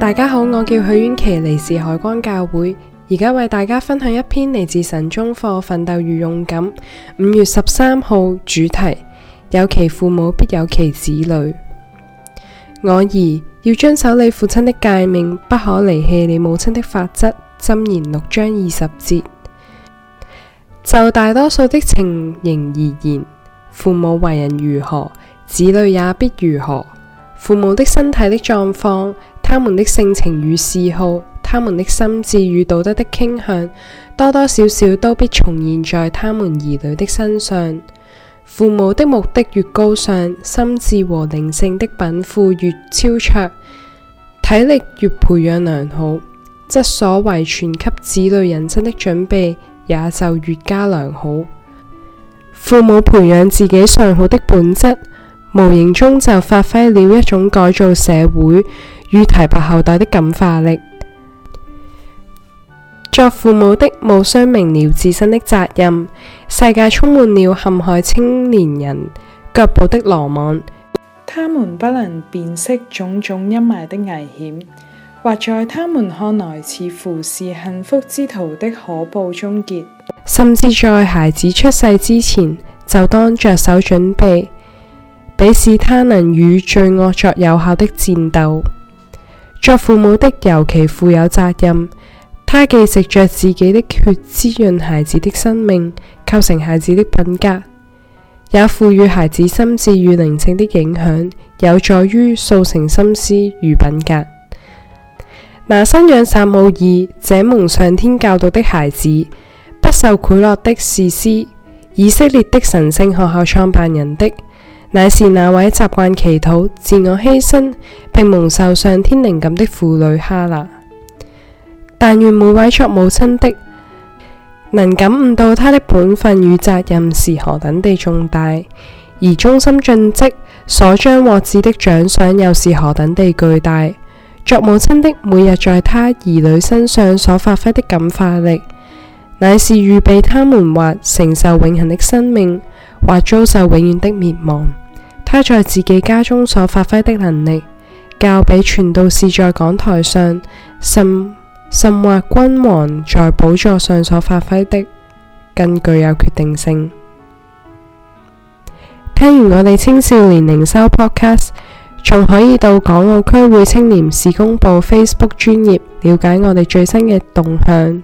大家好，我叫許婉琪，嚟自海關教會，而家為大家分享一篇嚟自神中課奮鬥與勇敢。五月十三號，主題有其父母必有其子女。我兒要遵守你父親的誡命，不可離棄你母親的法則。箴言六章二十節。就大多數的情形而言，父母為人如何，子女也必如何。父母的身體的狀況。他們的性情與嗜好，他們的心智與道德的傾向，多多少少都必重現在他們兒女的身上。父母的目的越高尚，心智和靈性的稟賦越超卓，體力越培養良好，則所遺傳給子女人生的準備也就越加良好。父母培養自己上好的本質。無形中就發揮了一種改造社會與提拔後代的感化力。作父母的，無須明了自身的責任世界充滿了陷害青年人腳步的羅網，他們不能辨識種種陰霾的危險，或在他們看來似乎是幸福之途的可怖終結。甚至在孩子出世之前，就當着手準備。鄙視他能與罪惡作有效的戰鬥。作父母的尤其負有責任，他既食著自己的血滋潤孩子的生命，構成孩子的品格，也賦予孩子心智與靈性的影響，有助於塑成心思與品格。拿生養撒母耳，這蒙上天教導的孩子，不受賄賂的士師，以色列的神聖學校創辦人的。乃是那位習慣祈禱、自我犧牲並蒙受上天靈感的婦女哈娜。但願每位作母親的，能感悟到她的本分與責任是何等地重大，而忠心盡職所將獲致的獎賞又是何等地巨大。作母親的每日在她兒女身上所發揮的感化力，乃是預備他們或承受永恆的生命。或遭受永遠的滅亡。他在自己家中所發揮的能力，較比傳道士在講台上，甚甚或君王在寶座上所發揮的，更具有決定性。聽完我哋青少年靈修 Podcast，仲可以到港澳區會青年事工部 Facebook 專頁，了解我哋最新嘅動向。